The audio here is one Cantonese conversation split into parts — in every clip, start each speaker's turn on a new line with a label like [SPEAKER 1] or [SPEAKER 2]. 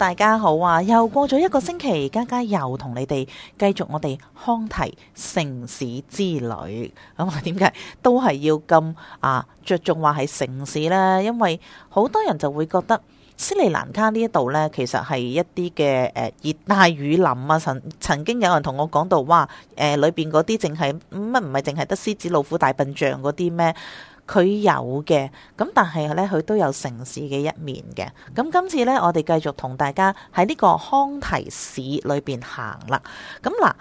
[SPEAKER 1] 大家好啊！又過咗一個星期，家家又同你哋繼續我哋康提城市之旅。咁啊，點解都係要咁啊着重話喺城市呢？因為好多人就會覺得斯里蘭卡呢一度呢，其實係一啲嘅誒熱帶雨林啊。曾曾經有人同我講到，哇！誒、呃、裏邊嗰啲淨係乜唔係淨係得獅子、老虎、大笨象嗰啲咩？佢有嘅，咁但係咧佢都有城市嘅一面嘅。咁、嗯、今次咧，我哋繼續同大家喺呢個康提市裏邊行啦。咁、嗯、嗱，誒、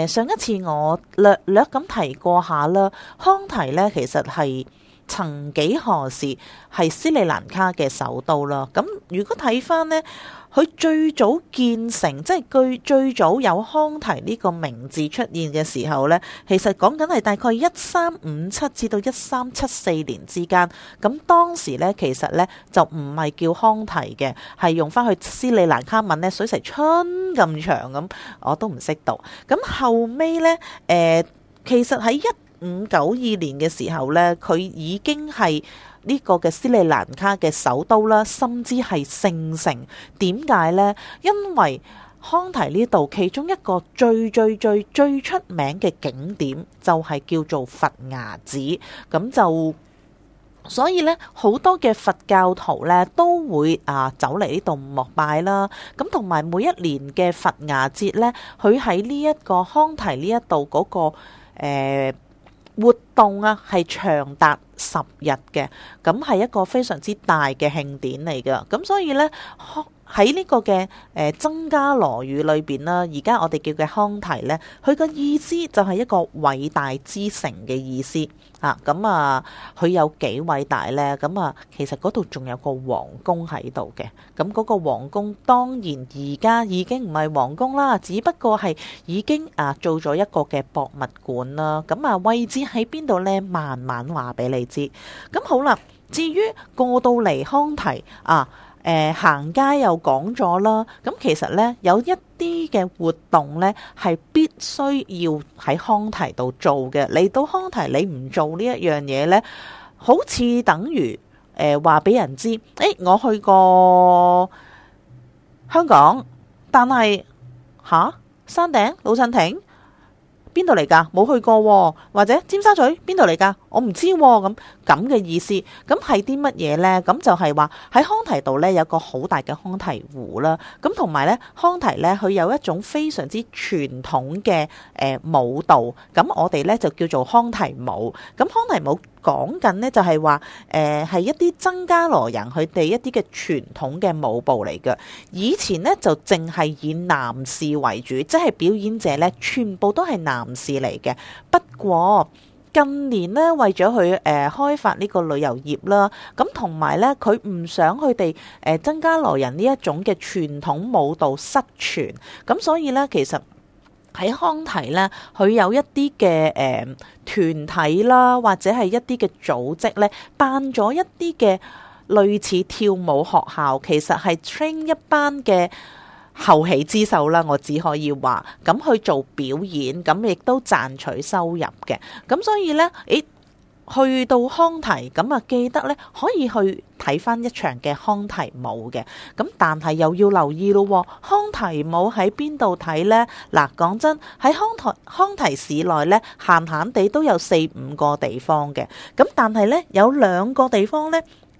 [SPEAKER 1] 呃、上一次我略略咁提過下啦，康提咧其實係。曾幾何時係斯里蘭卡嘅首都咯。咁如果睇翻呢，佢最早建成，即係最最早有康提呢個名字出現嘅時候呢，其實講緊係大概一三五七至到一三七四年之間。咁當時呢，其實呢就唔係叫康提嘅，係用翻去斯里蘭卡文呢，水蛇春咁長咁，我都唔識讀。咁後尾呢，誒、呃，其實喺一五九二年嘅時候呢，佢已經係呢個嘅斯里蘭卡嘅首都啦，甚至係聖城。點解呢？因為康提呢度其中一個最最最最最出名嘅景點就係、是、叫做佛牙寺，咁就所以呢，好多嘅佛教徒呢都會啊走嚟呢度膜拜啦。咁同埋每一年嘅佛牙節呢，佢喺呢一個康提呢一度嗰個誒。呃活動啊，係長達十日嘅，咁係一個非常之大嘅慶典嚟㗎，咁所以咧，喺呢個嘅誒增加羅語裏邊啦，而家我哋叫嘅康提呢，佢個意思就係一個偉大之城嘅意思啊。咁啊，佢有幾偉大呢？咁啊，其實嗰度仲有個王宮喺度嘅。咁、啊、嗰、那個王宮當然而家已經唔係王宮啦，只不過係已經啊做咗一個嘅博物館啦。咁啊，位置喺邊度呢？慢慢話俾你知。咁、啊、好啦，至於過到嚟康提啊～誒、呃、行街又講咗啦，咁其實咧有一啲嘅活動咧係必須要喺康提度做嘅。你到康提，你唔做呢一樣嘢咧，好似等於誒話俾人知，誒、欸、我去過香港，但係吓、啊，山頂、老襯亭邊度嚟噶？冇去過、哦，或者尖沙咀邊度嚟噶？我唔知咁咁嘅意思，咁係啲乜嘢呢？咁就係話喺康提度呢，有個好大嘅康提湖啦，咁同埋呢，康提呢，佢有一種非常之傳統嘅誒舞蹈，咁、呃、我哋呢，就叫做康提舞。咁康提舞講緊呢，就係話誒係一啲僧伽羅人佢哋一啲嘅傳統嘅舞步嚟嘅。以前呢，就淨係以男士為主，即係表演者呢，全部都係男士嚟嘅。不過，近年咧，為咗佢誒開發呢個旅遊業啦，咁同埋咧，佢唔想佢哋誒僧伽羅人呢一種嘅傳統舞蹈失傳，咁所以咧，其實喺康提咧，佢有一啲嘅誒團體啦，或者係一啲嘅組織咧，辦咗一啲嘅類似跳舞學校，其實係 train 一班嘅。後起之秀啦，我只可以話，咁去做表演，咁亦都賺取收入嘅。咁所以呢，誒，去到康提，咁啊記得呢，可以去睇返一場嘅康提舞嘅。咁但係又要留意咯，康提舞喺邊度睇呢？嗱、啊，講真喺康提康提市內呢，閒閒地都有四五個地方嘅。咁但係呢，有兩個地方呢。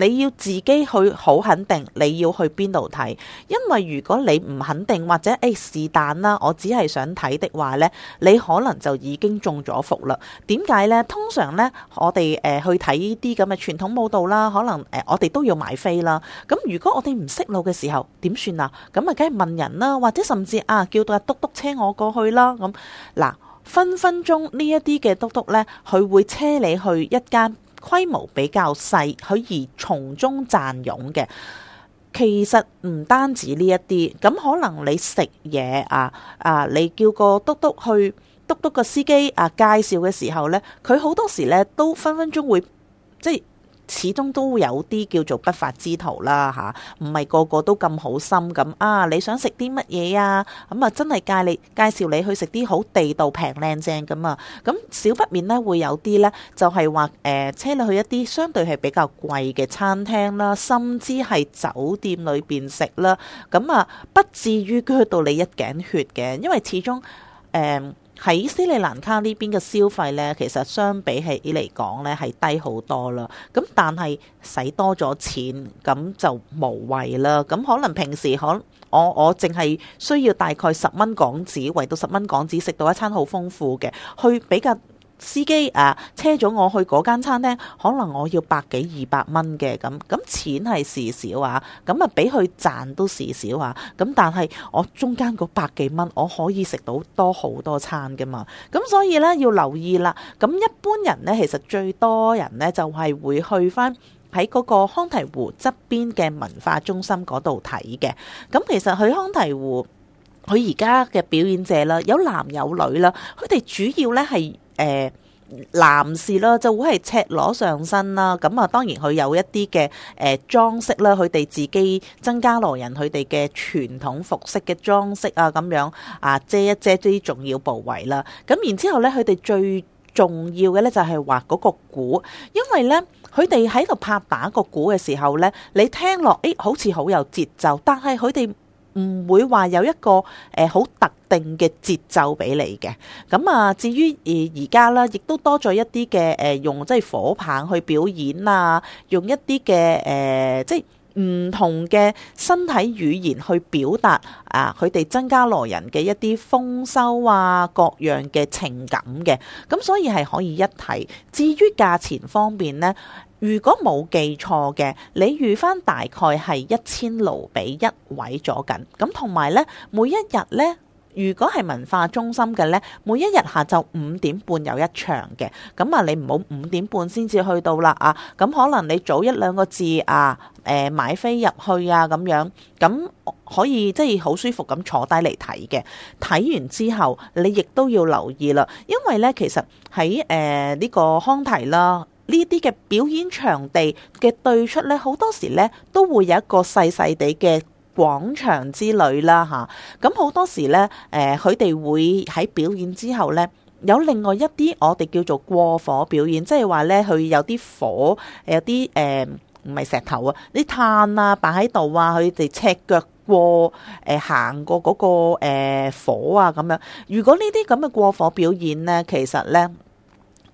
[SPEAKER 1] 你要自己去好肯定，你要去邊度睇？因為如果你唔肯定或者誒是但啦，我只係想睇的話呢，你可能就已經中咗伏啦。點解呢？通常呢，我哋誒、呃、去睇呢啲咁嘅傳統舞蹈啦，可能誒、呃、我哋都要買飛啦。咁如果我哋唔識路嘅時候，點算啊？咁啊，梗係問人啦，或者甚至啊叫到阿嘟嘟車我過去啦。咁嗱，分分鐘呢一啲嘅嘟嘟呢，佢會車你去一間。規模比較細，可以從中賺佣嘅。其實唔單止呢一啲，咁可能你食嘢啊啊，你叫個督督去督督個司機啊，介紹嘅時候呢，佢好多時呢都分分鐘會即係。始終都有啲叫做不法之徒啦嚇，唔係個個都咁好心咁啊！你想食啲乜嘢啊？咁啊，真係介你介紹你去食啲好地道平靚正嘅啊，咁少不免咧會有啲咧，就係話誒車你去一啲相對係比較貴嘅餐廳啦，啊，甚至係酒店裏邊食啦。咁啊，啊，不至於鋸到你一頸血嘅，因為始終誒。呃喺斯里蘭卡呢邊嘅消費呢，其實相比起嚟講呢，係低好多啦。咁但係使多咗錢，咁就無謂啦。咁可能平時可，我我淨係需要大概十蚊港紙，為到十蚊港紙食到一餐好豐富嘅，去比較。司機啊，車咗我去嗰間餐廳，可能我要百幾二百蚊嘅咁，咁錢係事少啊，咁啊俾佢賺都事少啊，咁但係我中間嗰百幾蚊，我可以食到多好多餐噶嘛，咁所以呢，要留意啦。咁一般人呢，其實最多人呢，就係、是、會去翻喺嗰個康提湖側邊嘅文化中心嗰度睇嘅。咁其實佢康提湖，佢而家嘅表演者啦，有男有女啦，佢哋主要呢係。誒男士啦，就會係赤裸上身啦。咁啊，當然佢有一啲嘅誒裝飾啦。佢哋自己增加來人佢哋嘅傳統服飾嘅裝飾啊，咁樣啊遮一遮啲重要部位啦。咁然之後咧，佢哋最重要嘅咧就係畫嗰個鼓，因為咧佢哋喺度拍打個鼓嘅時候咧，你聽落誒、哎、好似好有節奏，但係佢哋。唔會話有一個誒好特定嘅節奏俾你嘅，咁啊至於誒而家啦，亦都多咗一啲嘅誒用即係火棒去表演啊，用一啲嘅誒即係唔同嘅身體語言去表達啊，佢哋增加羅人嘅一啲豐收啊各樣嘅情感嘅，咁所以係可以一提。至於價錢方面呢。如果冇記錯嘅，你預翻大概係一千盧比一位咗緊。咁同埋咧，每一日咧，如果係文化中心嘅咧，每一日下晝五點半有一場嘅。咁啊，你唔好五點半先至去到啦啊！咁可能你早一兩個字啊，誒、呃、買飛入去啊咁樣，咁可以即係好舒服咁坐低嚟睇嘅。睇完之後，你亦都要留意啦，因為咧，其實喺誒呢個康提啦。呢啲嘅表演場地嘅對出咧，好多時咧都會有一個細細地嘅廣場之類啦嚇。咁、啊、好多時咧，誒佢哋會喺表演之後咧，有另外一啲我哋叫做過火表演，即係話咧佢有啲火，有啲誒唔係石頭啊，啲炭啊擺喺度啊，佢哋赤腳過誒行過嗰個誒火啊咁樣。如果呢啲咁嘅過火表演咧，其實咧。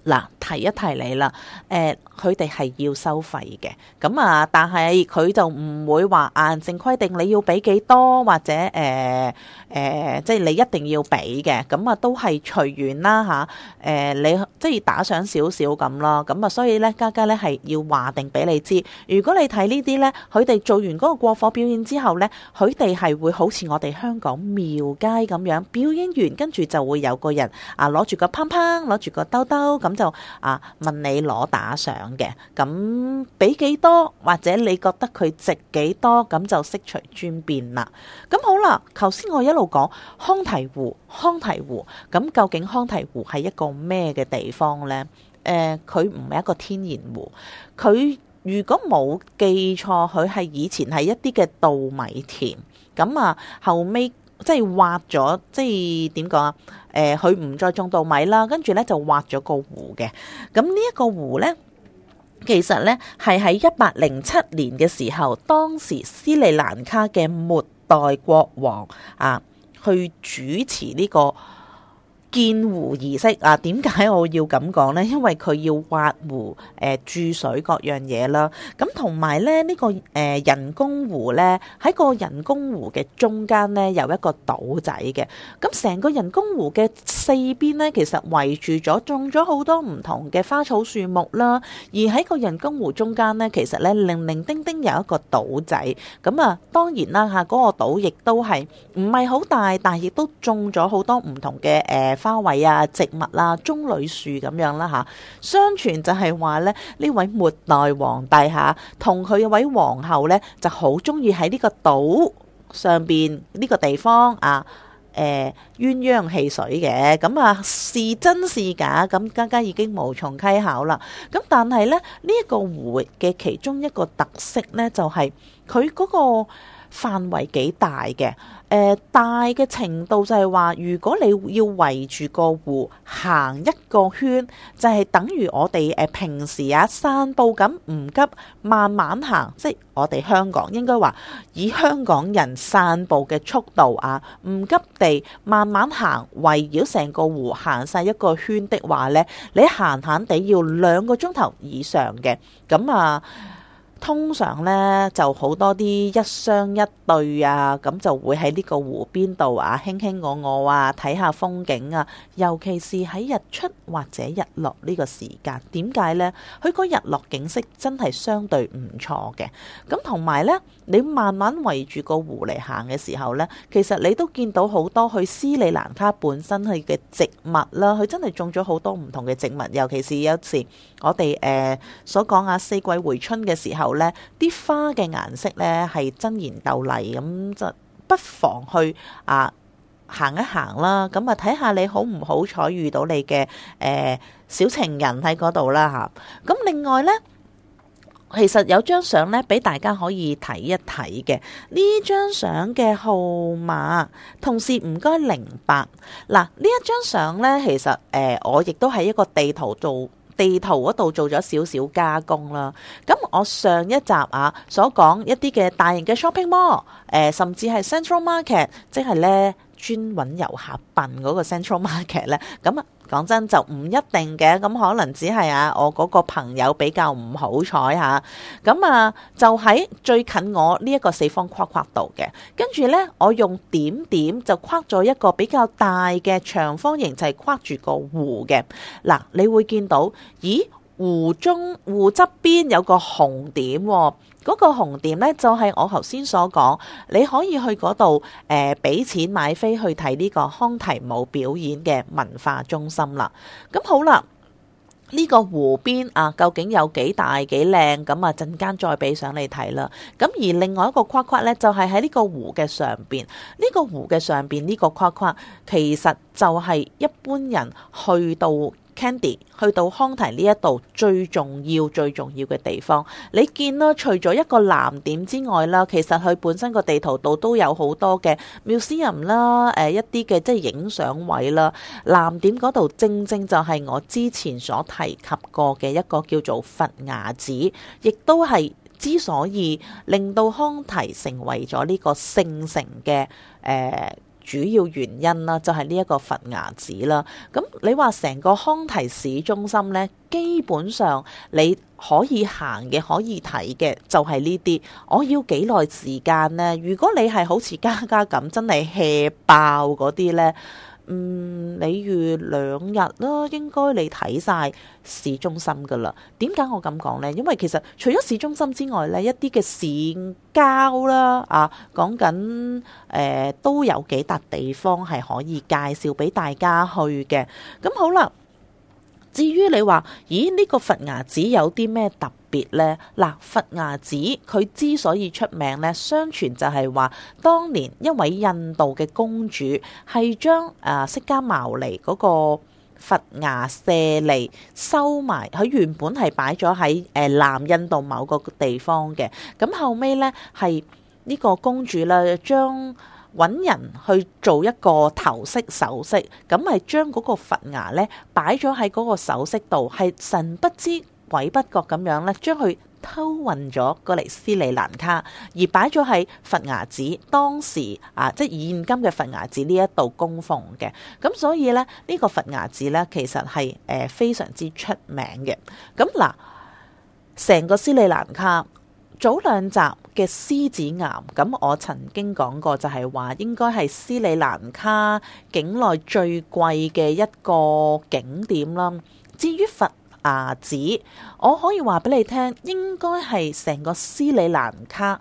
[SPEAKER 1] 嗱，提一提你啦，誒，佢哋係要收費嘅，咁啊，但係佢就唔會話硬性規定你要俾幾多，或者誒誒、呃呃、即係你一定要俾嘅，咁啊，都係隨緣啦吓，誒，你即係打賞少少咁咯，咁啊，所以咧嘉嘉咧係要話定俾你知，如果你睇呢啲咧，佢哋做完嗰個過火表演之後咧，佢哋係會好似我哋香港廟街咁樣表演完，跟住就會有個人啊攞住個乓乓，攞住個兜兜咁。就啊問你攞打賞嘅，咁俾幾多或者你覺得佢值幾多，咁就悉隨尊便啦。咁好啦，頭先我一路講康提湖，康提湖，咁究竟康提湖係一個咩嘅地方呢？誒、呃，佢唔係一個天然湖，佢如果冇記錯，佢係以前係一啲嘅稻米田，咁啊後尾……即係挖咗，即係點講啊？誒，佢、呃、唔再種稻米啦，跟住咧就挖咗個湖嘅。咁呢一個湖咧，其實咧係喺一八零七年嘅時候，當時斯里蘭卡嘅末代國王啊去主持呢、這個。建湖儀式啊？點解我要咁講呢？因為佢要挖湖、誒、呃、注水各樣嘢啦。咁同埋咧，呢、這個誒、呃、人工湖呢，喺個人工湖嘅中間呢，有一個島仔嘅。咁成個人工湖嘅四邊呢，其實圍住咗種咗好多唔同嘅花草樹木啦。而喺個人工湖中間呢，其實呢，零零丁丁、丁有一個島仔。咁啊，當然啦、啊、嚇，嗰、那個島亦都係唔係好大，但係亦都種咗好多唔同嘅誒。呃花卉啊、植物啦、棕櫚樹咁樣啦嚇，相傳就係話咧呢位末代皇帝嚇，同佢位皇后咧就好中意喺呢個島上邊呢個地方啊，誒、欸、鴛鴦戲水嘅，咁啊是真是假？咁家家已經無從稽考啦。咁但係咧呢一個湖嘅其中一個特色咧，就係佢嗰個範圍幾大嘅。誒、呃、大嘅程度就係話，如果你要圍住個湖行一個圈，就係、係、等於我哋誒、呃、平時啊散步咁，唔急，慢慢行。即係我哋香港應該話，以香港人散步嘅速度啊，唔急地慢慢行，圍繞成個湖行晒一個圈的話呢，你閒閒地要兩個鐘頭以上嘅，咁啊。通常咧就好多啲一,一雙一對啊，咁就會喺呢個湖邊度啊，卿卿我我啊，睇下風景啊，尤其是喺日出或者日落呢個時間，點解呢？佢個日落景色真係相對唔錯嘅，咁同埋呢。你慢慢圍住個湖嚟行嘅時候呢，其實你都見到好多去斯里蘭卡本身去嘅植物啦，佢真係種咗好多唔同嘅植物。尤其是有一次我哋誒、呃、所講啊四季回春嘅時候呢，啲花嘅顏色呢係爭妍鬥麗咁，就不妨去啊行一行啦。咁啊睇下你好唔好彩遇到你嘅誒、呃、小情人喺嗰度啦嚇。咁另外呢。其實有張相咧，俾大家可以睇一睇嘅。呢張相嘅號碼，同事唔該零八。嗱，呢一張相咧，其實誒、呃，我亦都喺一個地圖做地圖嗰度做咗少少加工啦。咁、嗯、我上一集啊，所講一啲嘅大型嘅 shopping mall，誒、呃，甚至係 central market，即係咧專揾遊客笨嗰個 central market 咧、嗯，咁、嗯、啊。講真就唔一定嘅，咁可能只係啊我嗰個朋友比較唔好彩吓，咁啊就喺最近我呢一個四方框框度嘅，跟住呢，我用點點就框咗一個比較大嘅長方形，就係框住個湖嘅。嗱，你會見到，咦？湖中湖側邊有個紅點喎。嗰個紅點呢，就係我頭先所講，你可以去嗰度誒，俾錢買飛去睇呢個康提舞表演嘅文化中心啦。咁好啦，呢個湖邊啊，究竟有幾大幾靚？咁啊，陣間再俾上你睇啦。咁而另外一個框框呢，就係喺呢個湖嘅上邊，呢個湖嘅上邊呢個框框，其實就係一般人去到。Kandy 去到康提呢一度最重要最重要嘅地方，你見啦，除咗一個藍點之外啦，其實佢本身個地圖度都有好多嘅 museum 啦，誒一啲嘅即係影相位啦，藍點嗰度正正就係我之前所提及過嘅一個叫做佛牙寺，亦都係之所以令到康提成為咗呢個聖城嘅誒。呃主要原因啦，就係呢一個佛牙寺啦。咁你話成個康提市中心呢，基本上你可以行嘅、可以睇嘅，就係呢啲。我要幾耐時間呢？如果你係好似家家咁，真係 hea 爆嗰啲呢。嗯，你預兩日啦，應該你睇晒市中心噶啦。點解我咁講呢？因為其實除咗市中心之外呢，一啲嘅市郊啦，啊，講緊誒都有幾笪地方係可以介紹俾大家去嘅。咁好啦。至於你話，咦？呢、這個佛牙寺有啲咩特別呢？嗱，佛牙寺佢之所以出名呢，相傳就係話，當年一位印度嘅公主係將誒釋迦牟尼嗰個佛牙舍利收埋。佢原本係擺咗喺誒南印度某個地方嘅，咁後尾呢，係呢個公主啦將。將揾人去做一個頭飾、手飾，咁係將嗰個佛牙呢，擺咗喺嗰個手飾度，係神不知鬼不覺咁樣咧，將佢偷運咗過嚟斯里蘭卡，而擺咗喺佛牙寺當時啊，即係現今嘅佛牙寺呢一度供奉嘅。咁所以呢，呢個佛牙寺呢其實係誒、呃、非常之出名嘅。咁嗱，成個斯里蘭卡早兩集，嘅獅子岩，咁我曾經講過就，就係話應該係斯里蘭卡境內最貴嘅一個景點啦。至於佛牙寺，我可以話俾你聽，應該係成個斯里蘭卡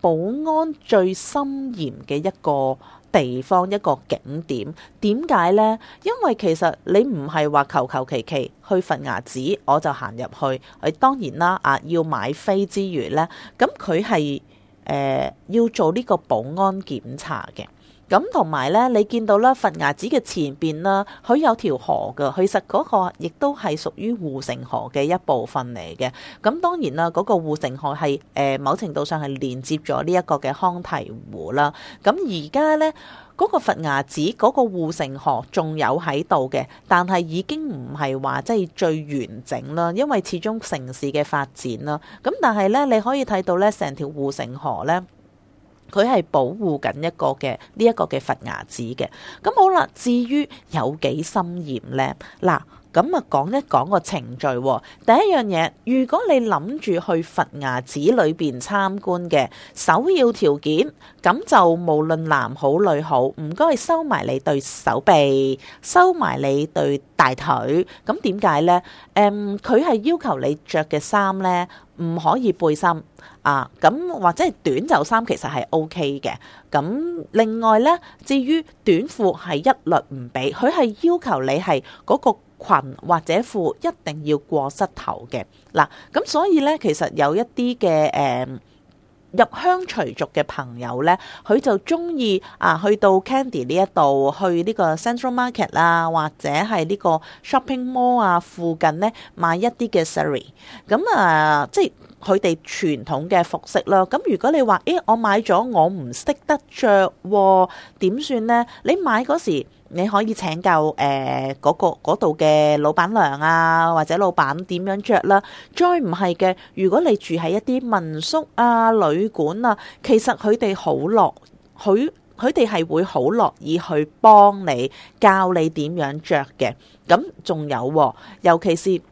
[SPEAKER 1] 保安最森嚴嘅一個地方一個景點，點解呢？因為其實你唔係話求求其其去佛牙寺，我就行入去。誒，當然啦，啊，要買飛之餘呢，咁佢係誒要做呢個保安檢查嘅。咁同埋咧，你見到啦，佛牙寺嘅前邊啦，佢有條河嘅，其實嗰個亦都係屬於護城河嘅一部分嚟嘅。咁當然啦，嗰、那個護城河係誒、呃、某程度上係連接咗呢一個嘅康堤湖啦。咁而家咧，嗰個佛牙寺嗰、那個護城河仲有喺度嘅，但係已經唔係話即係最完整啦，因為始終城市嘅發展啦。咁但係咧，你可以睇到咧，成條護城河咧。佢係保護緊一個嘅呢一個嘅佛牙子嘅，咁好啦。至於有幾森嚴咧？嗱。咁啊，講一講個程序。第一樣嘢，如果你諗住去佛牙寺裏邊參觀嘅，首要條件咁就無論男好女好，唔該收埋你對手臂，收埋你對大腿。咁點解呢？誒，佢係要求你著嘅衫呢，唔可以背心啊。咁或者係短袖衫其實係 OK 嘅。咁另外呢，至於短褲係一律唔俾，佢係要求你係嗰個。裙或者褲一定要過膝頭嘅嗱，咁、啊、所以咧，其實有一啲嘅誒入鄉隨俗嘅朋友咧，佢就中意啊去到 Kandy 呢一度，去呢個 Central Market 啦、啊，或者係呢個 Shopping Mall 啊附近咧買一啲嘅 saree 咁啊，即係佢哋傳統嘅服飾咯。咁如果你話，誒、哎、我買咗我唔識得著點算咧？你買嗰時。你可以請教誒嗰度嘅老闆娘啊，或者老闆點樣着啦、啊？再唔係嘅，如果你住喺一啲民宿啊、旅館啊，其實佢哋好樂，佢佢哋係會好樂意去幫你教你點樣着嘅。咁仲有、喎，尤其是。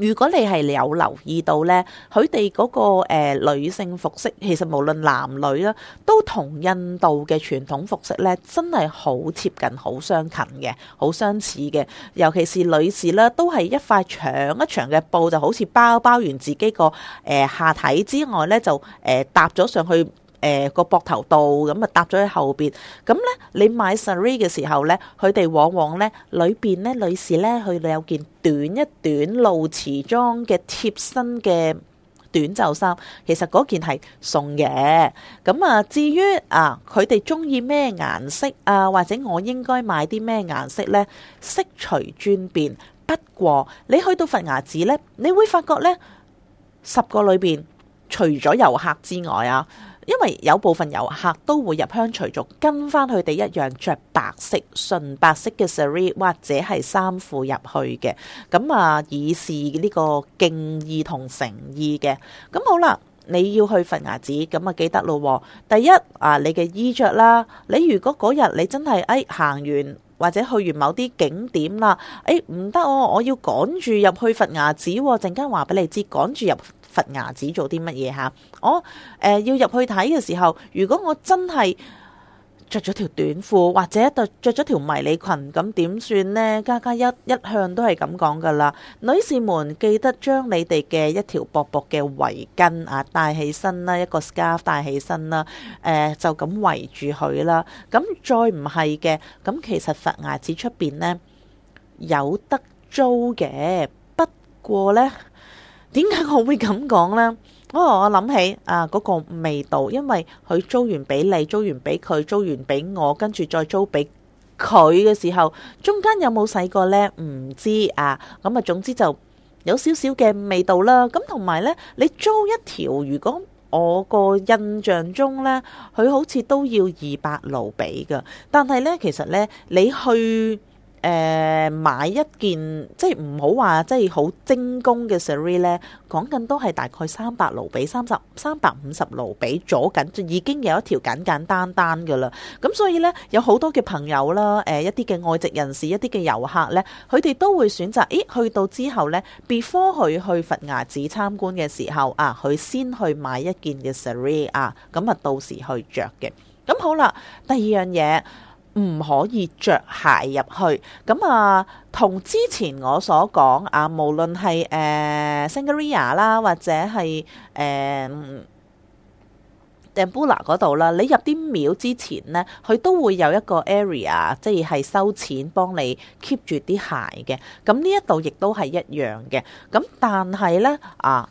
[SPEAKER 1] 如果你係有留意到呢，佢哋嗰個、呃、女性服飾，其實無論男女啦，都同印度嘅傳統服飾咧，真係好貼近、好相近嘅，好相似嘅。尤其是女士呢，都係一塊長一長嘅布，就好似包包完自己個誒、呃、下體之外呢就誒搭咗上去。誒、呃，個膊頭度咁啊，搭咗喺後邊。咁咧，你買 saree 嘅時候咧，佢哋往往咧裏邊咧，女士咧，佢哋有件短一短露臍裝嘅貼身嘅短袖衫。其實嗰件係送嘅。咁啊，至於啊，佢哋中意咩顏色啊，或者我應該買啲咩顏色咧？色隨尊便。不過你去到佛牙寺咧，你會發覺咧，十個裏邊除咗遊客之外啊。因為有部分遊客都會入鄉隨俗，跟翻佢哋一樣着白色純白色嘅 sari 或者係衫褲入去嘅，咁啊，以示呢個敬意同誠意嘅。咁好啦，你要去佛牙寺，咁啊記得咯。第一啊，你嘅衣着啦，你如果嗰日你真係哎行完或者去完某啲景點啦，哎唔得哦，我要趕住入去佛牙寺喎，陣間話俾你知，趕住入。佛牙寺做啲乜嘢吓？我誒、呃、要入去睇嘅時候，如果我真係着咗條短褲或者着着咗條迷你裙，咁點算呢？加加一一向都係咁講噶啦，女士們記得將你哋嘅一條薄薄嘅圍巾啊帶起身啦，一個 scarf 帶起身啦，誒、呃、就咁圍住佢啦。咁再唔係嘅，咁其實佛牙寺出邊呢，有得租嘅，不過呢。點解我會咁講呢？我我諗起啊，嗰個味道，因為佢租完俾你，租完俾佢，租完俾我，跟住再租俾佢嘅時候，中間有冇洗過呢？唔知啊。咁啊，總之就有少少嘅味道啦。咁同埋呢，你租一條，如果我個印象中呢，佢好似都要二百盧比噶。但係呢，其實呢，你去。誒、呃，買一件即係唔好話，即係好精工嘅 saree 咧，講緊都係大概三百盧比，三十三百五十盧比左近，已經有一條簡簡單單噶啦。咁所以咧，有好多嘅朋友啦，誒、呃，一啲嘅外籍人士，一啲嘅遊客咧，佢哋都會選擇，咦，去到之後咧，before 佢去佛牙寺參觀嘅時候啊，佢先去買一件嘅 saree 啊，咁啊，到時去着嘅。咁好啦，第二樣嘢。唔可以着鞋入去，咁啊，同之前我所講啊，無論係誒 Sigiriya 啦，或者係誒、呃、Dambulla 度啦，你入啲廟之前咧，佢都會有一個 area，即係收錢幫你 keep 住啲鞋嘅。咁呢一度亦都係一樣嘅，咁但係咧啊，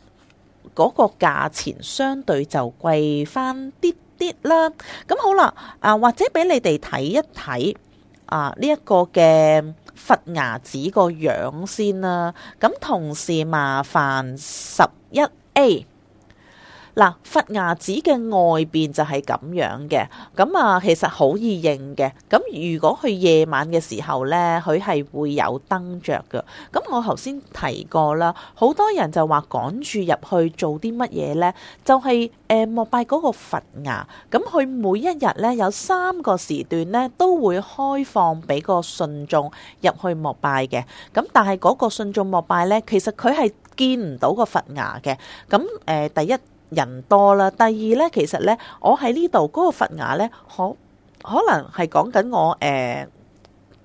[SPEAKER 1] 嗰個價錢相對就貴翻啲。啲啦，咁好啦，啊或者俾你哋睇一睇啊呢一個嘅佛牙寺個樣先啦，啊，咁同時麻煩十一 A。嗱，佛牙寺嘅外邊就係咁樣嘅，咁啊，其實好易認嘅。咁如果佢夜晚嘅時候咧，佢係會有燈着嘅。咁我頭先提過啦，好多人就話趕住入去做啲乜嘢咧，就係誒膜拜嗰個佛牙。咁佢每一日咧有三個時段咧都會開放俾個信眾入去膜拜嘅。咁但係嗰個信眾膜拜咧，其實佢係見唔到個佛牙嘅。咁、呃、誒第一。人多啦，第二呢，其實呢，我喺呢度嗰個佛牙呢，可可能係講緊我誒、呃、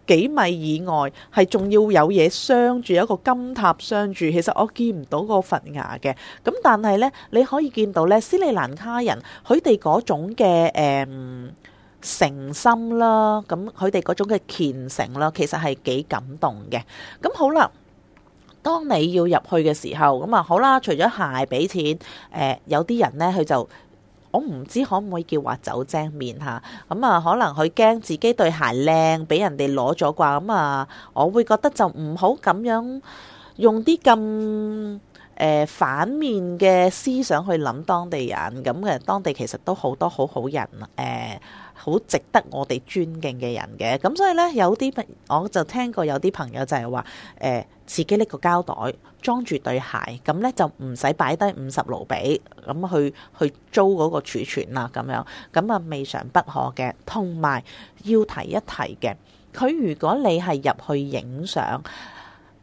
[SPEAKER 1] 幾米以外，係仲要有嘢鑲住有一個金塔鑲住，其實我見唔到個佛牙嘅。咁但係呢，你可以見到呢斯里蘭卡人佢哋嗰種嘅誒、呃、誠心啦，咁佢哋嗰種嘅虔誠啦，其實係幾感動嘅。咁好啦。當你要入去嘅時候，咁啊好啦，除咗鞋俾錢，誒、呃、有啲人呢，佢就，我唔知可唔可以叫話走精面吓。咁啊，啊可能佢驚自己對鞋靚俾人哋攞咗啩，咁啊我會覺得就唔好咁樣用啲咁誒反面嘅思想去諗當地人，咁嘅當地其實都好多好好人誒。呃好值得我哋尊敬嘅人嘅，咁所以呢，有啲，朋我就聽過有啲朋友就係話，誒、呃、自己拎個膠袋裝住對鞋，咁呢就唔使擺低五十盧比咁去去租嗰個儲存啦，咁樣咁啊未嘗不可嘅。同埋要提一提嘅，佢如果你係入去影相，誒、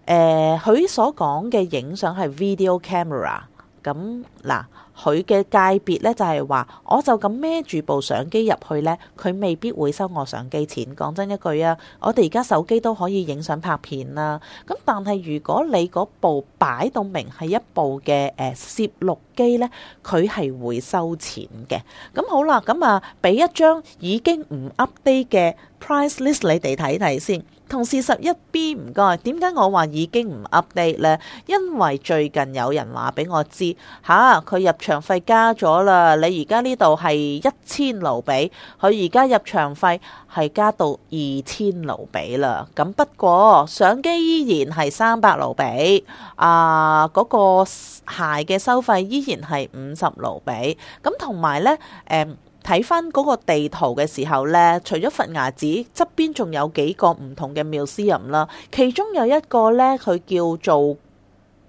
[SPEAKER 1] 呃、佢所講嘅影相係 video camera，咁嗱。佢嘅界別咧就係話，我就咁孭住部相機入去咧，佢未必會收我相機錢。講真一句啊，我哋而家手機都可以影相拍片啦。咁但係如果你嗰部擺到明係一部嘅誒攝錄機咧，佢係會收錢嘅。咁好啦，咁啊俾一張已經唔 update 嘅 price list 你哋睇睇先。同事十一 B 唔該，點解我話已經唔 update 咧？因為最近有人話俾我知嚇，佢、啊、入場費加咗啦。你而家呢度係一千盧比，佢而家入場費係加到二千盧比啦。咁不過相機依然係三百盧比，啊嗰、嗰個鞋嘅收費依然係五十盧比。咁同埋咧，誒、嗯。睇翻嗰個地圖嘅時候呢，除咗佛牙寺側邊，仲有幾個唔同嘅廟寺入啦。其中有一個呢，佢叫做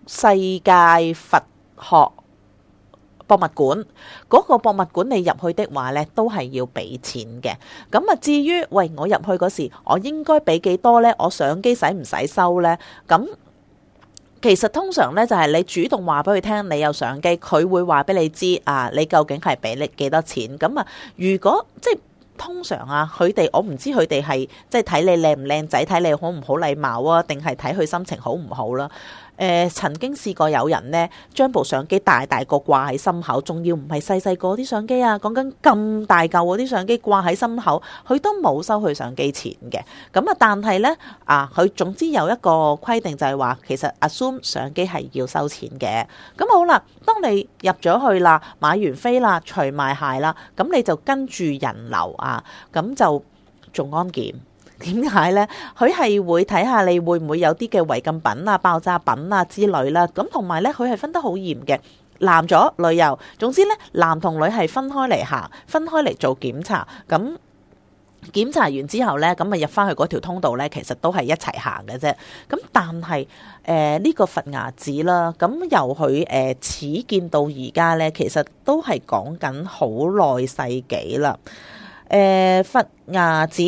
[SPEAKER 1] 世界佛學博物館。嗰個博物館你入去的話呢，都係要俾錢嘅。咁啊，至於喂，我入去嗰時，我應該俾幾多呢？我相機使唔使收呢？咁其實通常咧，就係你主動話俾佢聽，你有相機，佢會話俾你知啊。你究竟係俾你幾多錢？咁啊，如果即係通常啊，佢哋我唔知佢哋係即係睇你靚唔靚仔，睇你好唔好禮貌啊，定係睇佢心情好唔好啦。誒曾經試過有人咧，將部相機大大個掛喺心口，仲要唔係細細個啲相機啊！講緊咁大嚿嗰啲相機掛喺心口，佢都冇收佢相機錢嘅。咁啊，但係呢，啊，佢總之有一個規定就係話，其實 assume 相機係要收錢嘅。咁好啦，當你入咗去啦，買完飛啦，除埋鞋啦，咁你就跟住人流啊，咁就做安檢。點解咧？佢係會睇下你會唔會有啲嘅違禁品啊、爆炸品啊之類啦。咁同埋咧，佢係分得好嚴嘅，男左女右。總之咧，男同女係分開嚟行，分開嚟做檢查。咁檢查完之後咧，咁咪入翻去嗰條通道咧，其實都係一齊行嘅啫。咁但係誒呢個佛牙寺啦，咁、呃、由佢誒、呃、始見到而家咧，其實都係講緊好耐世紀啦。誒、呃、佛牙寺。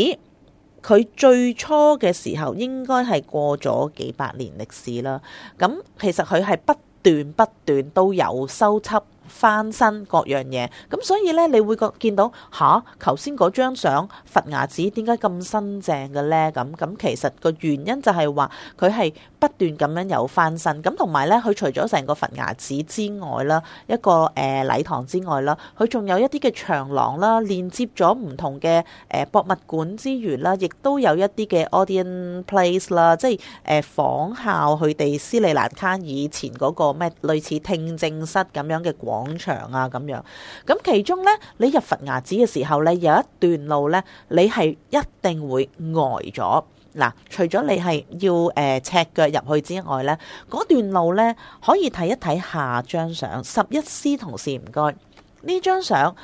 [SPEAKER 1] 佢最初嘅時候應該係過咗幾百年歷史啦，咁其實佢係不斷不斷都有修葺、翻新各樣嘢，咁所以呢，你會覺見到吓，頭先嗰張相佛牙寺點解咁新淨嘅呢？咁咁其實個原因就係話佢係。不斷咁樣有翻身，咁同埋咧，佢除咗成個佛牙寺之外啦，一個誒禮堂之外啦，佢仲有一啲嘅長廊啦，連接咗唔同嘅誒博物館之餘啦，亦都有一啲嘅 Audience Place 啦，即係誒仿效佢哋斯里蘭卡以前嗰個咩類似聽證室咁樣嘅廣場啊咁樣。咁其中咧，你入佛牙寺嘅時候咧，有一段路咧，你係一定會呆咗。嗱，除咗你係要誒赤腳入去之外咧，呢段路咧，可以睇一睇下張相。十一師同事唔該，呢張相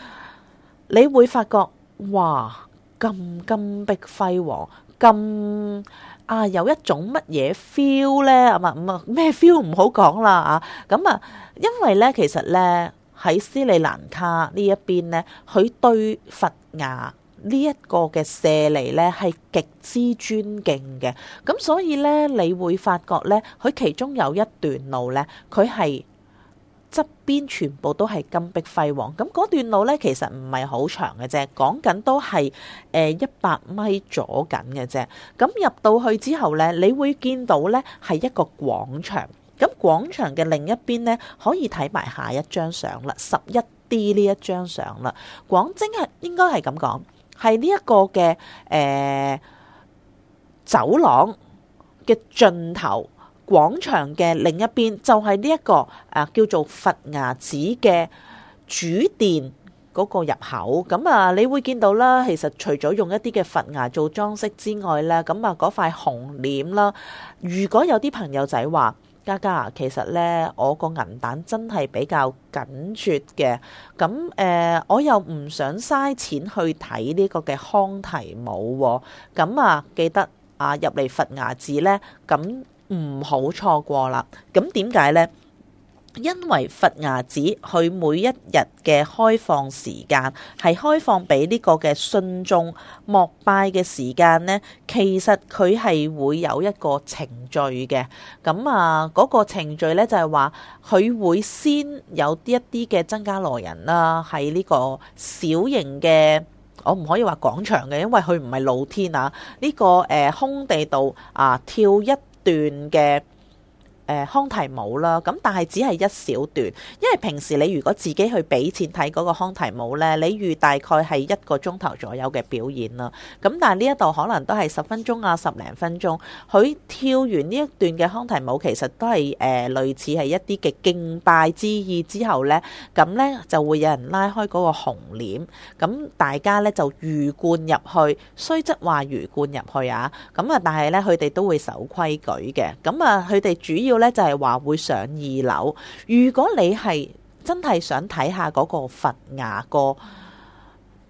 [SPEAKER 1] 你會發覺哇，咁金碧輝煌，咁啊有一種乜嘢 feel 咧？啊嘛咁啊咩 feel 唔好講啦啊！咁啊，因為咧其實咧喺斯里蘭卡呢一邊咧，佢對佛牙呢一個嘅舍利呢係極之尊敬嘅，咁所以呢，你會發覺呢，佢其中有一段路呢，佢係側邊全部都係金碧輝煌。咁嗰段路呢，其實唔係好長嘅啫，講緊都係誒一百米左緊嘅啫。咁入到去之後呢，你會見到呢係一個廣場。咁廣場嘅另一邊呢，可以睇埋下一張相啦，十一 D 呢一張相啦。廣精係應該係咁講。係呢一個嘅誒、欸、走廊嘅盡頭廣場嘅另一邊，就係呢一個啊叫做佛牙寺嘅主殿嗰個入口。咁啊，你會見到啦。其實除咗用一啲嘅佛牙做裝飾之外咧，咁啊嗰塊紅簾啦，如果有啲朋友仔話。嘉嘉、啊、其實咧，我個銀彈真係比較緊缺嘅，咁誒、呃，我又唔想嘥錢去睇呢個嘅康提舞喎、哦，咁啊，記得啊入嚟佛牙寺咧，咁唔好錯過啦，咁點解咧？因為佛牙寺佢每一日嘅開放時間係開放俾呢個嘅信眾膜拜嘅時間呢，其實佢係會有一個程序嘅。咁啊，嗰、嗰個程序呢就係話佢會先有啲一啲嘅僧伽羅人啦、啊，喺呢個小型嘅，我唔可以話廣場嘅，因為佢唔係露天啊。呢、呢個誒空地度啊，跳一段嘅。誒、呃、康提舞啦，咁但係只係一小段，因為平時你如果自己去俾錢睇嗰個康提舞呢，你預大概係一個鐘頭左右嘅表演啦。咁但係呢一度可能都係十分鐘啊，十零分鐘。佢跳完呢一段嘅康提舞，其實都係誒、呃、類似係一啲嘅敬拜之意之後呢，咁呢就會有人拉開嗰個紅簾，咁大家呢就魚貫入去，雖則話魚貫入去啊，咁啊，但係呢，佢哋都會守規矩嘅，咁啊佢哋主要。咧就係話會上二樓。如果你係真係想睇下嗰個佛牙個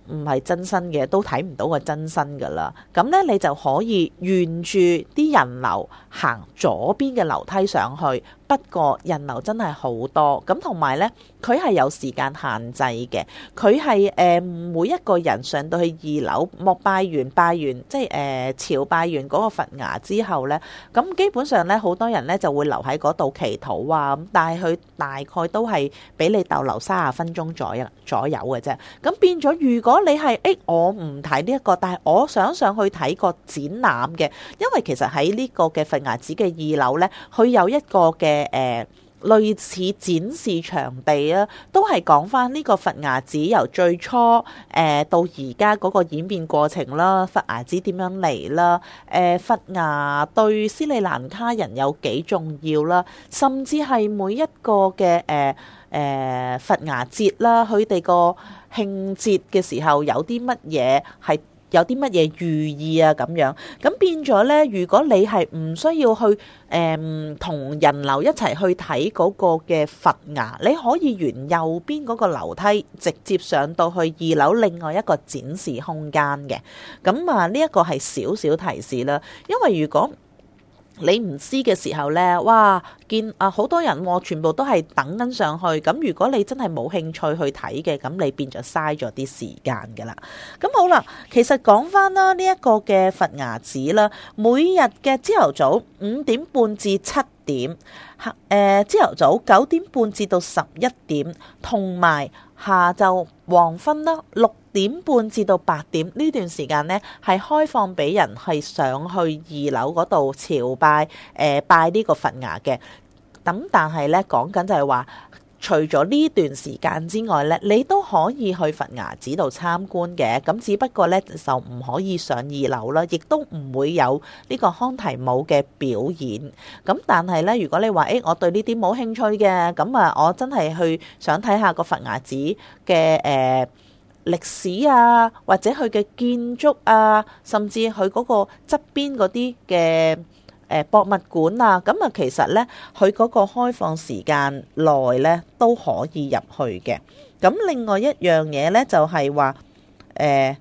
[SPEAKER 1] 唔係真身嘅，都睇唔到個真身噶啦。咁咧你就可以沿住啲人流行左邊嘅樓梯上去。不過人流真係好多，咁同埋呢，佢係有時間限制嘅。佢係誒，每一個人上到去二樓，膜拜完拜完，即係誒朝拜完嗰個佛牙之後呢，咁基本上呢，好多人呢就會留喺嗰度祈禱啊。咁但係佢大概都係俾你逗留三十分鐘左右左右嘅啫。咁變咗，如果你係誒、哎，我唔睇呢一個，但係我想上去睇個展覽嘅，因為其實喺呢個嘅佛牙寺嘅二樓呢，佢有一個嘅。誒，類似展示場地啦，都係講翻呢個佛牙節由最初誒、呃、到而家嗰個演變過程啦，佛牙節點樣嚟啦？誒、呃，佛牙對斯里蘭卡人有幾重要啦？甚至係每一個嘅誒誒佛牙節啦，佢哋個慶節嘅時候有啲乜嘢係？有啲乜嘢寓意啊咁樣，咁變咗呢。如果你係唔需要去誒、嗯、同人流一齊去睇嗰個嘅佛牙，你可以沿右邊嗰個樓梯直接上到去二樓另外一個展示空間嘅。咁啊，呢一個係少少提示啦。因為如果你唔知嘅時候呢，哇！見啊，好多人全部都係等緊上去。咁如果你真係冇興趣去睇嘅，咁你變咗嘥咗啲時間噶啦。咁好啦，其實講翻啦，呢一個嘅佛牙寺啦，每日嘅朝頭早五點半至七點，誒朝頭早九點半至到十一點，同埋，下晝黃昏啦，六點半至到八點呢段時間呢，係開放俾人係上去二樓嗰度朝拜，誒、呃、拜呢個佛牙嘅。咁但係呢，講緊就係話。除咗呢段時間之外呢，你都可以去佛牙寺度參觀嘅。咁只不過呢就唔可以上二樓啦，亦都唔會有呢個康提舞嘅表演。咁但係呢，如果你話誒，我對呢啲冇興趣嘅，咁啊，我真係去想睇下個佛牙寺嘅誒歷史啊，或者佢嘅建築啊，甚至佢嗰個側邊嗰啲嘅。誒博物館啊，咁啊其實呢，佢嗰個開放時間內呢都可以入去嘅。咁另外一樣嘢呢，就係話誒，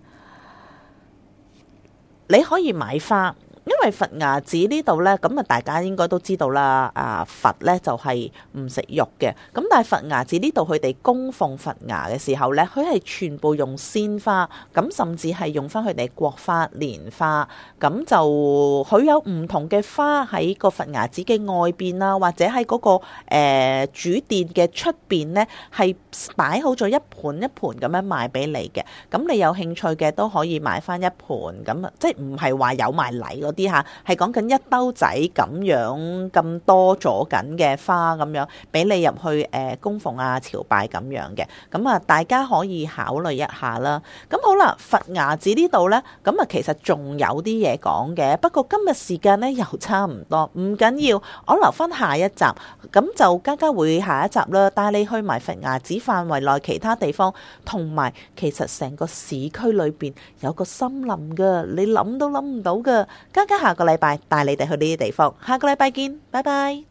[SPEAKER 1] 你可以買花。因為佛牙寺呢度咧，咁啊大家應該都知道啦。啊佛咧就係唔食肉嘅，咁但係佛牙寺呢度佢哋供奉佛牙嘅時候咧，佢係全部用鮮花，咁甚至係用翻佢哋國花蓮花，咁就佢有唔同嘅花喺個佛牙寺嘅外邊啦，或者喺、嗰個誒、呃、主殿嘅出邊咧，係擺好咗一盤一盤咁樣賣俾你嘅。咁你有興趣嘅都可以買翻一盤，咁啊即係唔係話有埋禮咯。啲嚇，係講緊一兜仔咁樣咁多咗緊嘅花咁樣，俾你入去誒、呃、供奉啊朝拜咁樣嘅，咁啊大家可以考慮一下啦。咁好啦，佛牙寺呢度呢，咁啊其實仲有啲嘢講嘅，不過今日時間呢又差唔多，唔緊要，我留返下一集，咁就家家會下一集啦，帶你去埋佛牙寺範圍內其他地方，同埋其實成個市區裏邊有個森林噶，你諗都諗唔到噶。大家下個禮拜帶你哋去呢啲地方，下個禮拜見，拜拜。